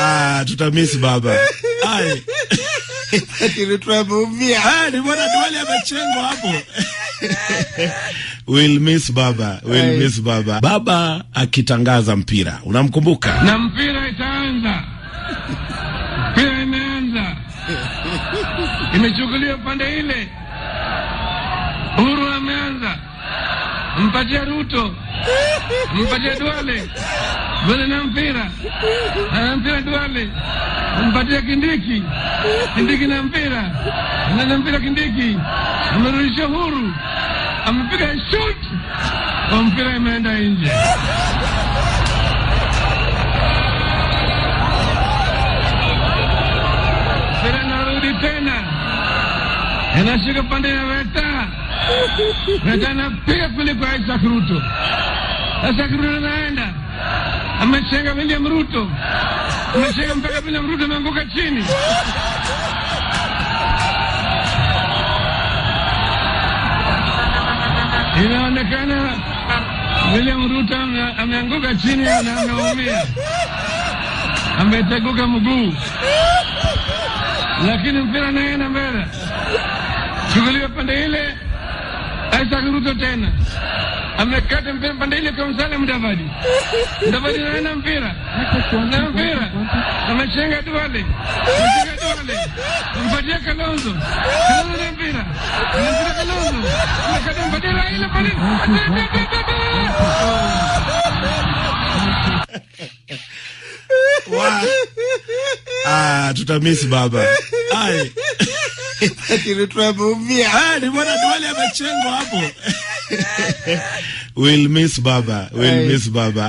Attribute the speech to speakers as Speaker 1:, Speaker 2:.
Speaker 1: Ah, tutamisi baba. Ai.
Speaker 2: Tumeumia.
Speaker 1: Ah, ni mbona Duale amechengwa hapo. We'll miss baba. We'll Ai. miss baba. Baba akitangaza mpira. Unamkumbuka?
Speaker 3: Na mpira itaanza. Mpira imeanza. Imechukuliwa pande ile. Uhuru ameanza. Mpatie Ruto mpatie Duale, Duale na mpira na mpira, Duale mpatie Kindiki, Kindiki na mpira na mpira, Kindiki amerudisha huru, amepiga shot kwa mpira, imeenda nje. Mpira narudi tena, inashika pande ya Weta, Weta anapiga kuliko Isaac Ruto. Sasa Kiruna naenda amechenga William Ruto, amechenga mpaka William Ruto ameanguka chini. Inaonekana William Ruto ameanguka chini na ameumia, ameteguka mguu, lakini mpira naenda mbele. Chukuliwa pande ile, Isaac Ruto tena amekata mpira pande ile kwa msale Mdavadi. Mdavadi anaenda mpira. Na mpira. Amechenga tu wale. Amechenga tu wale. Mpatia Kalonzo. Kalonzo na mpira. Mpira Kalonzo. Amekata mpira ile pale.
Speaker 1: Wow. Ah, tutamisi baba. Ai.
Speaker 2: Ati tumeumia.
Speaker 1: Ah, ni mwana Duale amechengwa hapo. we'll miss Baba. We'll Aye. miss Baba.